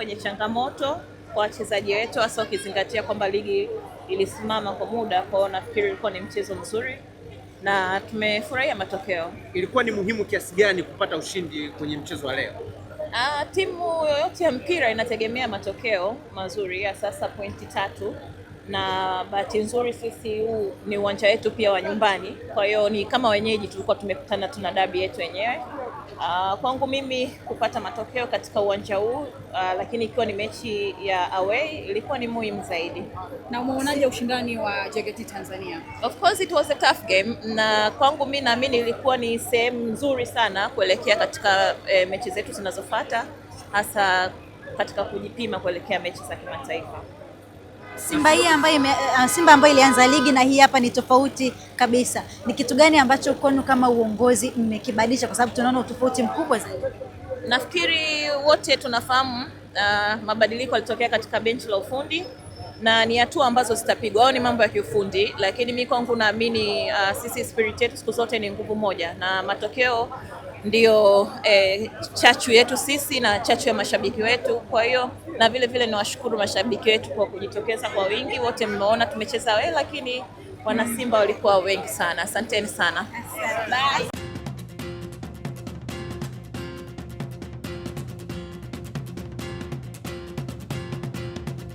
kwenye changamoto kwa wachezaji wetu, hasa ukizingatia kwamba ligi ilisimama kwa muda. Kwao nafikiri ilikuwa ni mchezo mzuri na tumefurahia matokeo. Ilikuwa ni muhimu kiasi gani kupata ushindi kwenye mchezo wa leo? Ah, timu yoyote ya mpira inategemea matokeo mazuri ya sasa, pointi tatu na bahati nzuri sisi huu ni uwanja wetu pia wa nyumbani, kwa hiyo ni kama wenyeji tulikuwa tumekutana, tuna dabi yetu wenyewe Uh, kwangu mimi kupata matokeo katika uwanja huu uh, lakini ikiwa ni mechi ya away ilikuwa ni muhimu zaidi. Na umeonaje ushindani wa JKT Tanzania? Of course it was a tough game, na kwangu mimi naamini ilikuwa ni sehemu nzuri sana kuelekea katika eh, mechi zetu zinazofuata hasa katika kujipima kuelekea mechi za kimataifa. Simba hii ambayo ime, eh, Simba ambayo ilianza ligi na hii hapa ni tofauti kabisa. Ni kitu gani ambacho kwenu kama uongozi mmekibadilisha, kwa sababu tunaona utofauti mkubwa zaidi? Nafikiri wote tunafahamu uh, mabadiliko yalitokea katika benchi la ufundi na ni hatua ambazo zitapigwa au ni mambo ya kiufundi, lakini mimi kwangu naamini uh, sisi spirit yetu siku zote ni nguvu moja, na matokeo ndio e, chachu yetu sisi na chachu ya mashabiki wetu. Kwa hiyo na vile vile niwashukuru mashabiki wetu kwa kujitokeza kwa wingi, wote mmeona tumecheza we, lakini wanasimba walikuwa wengi sana. Asanteni sana.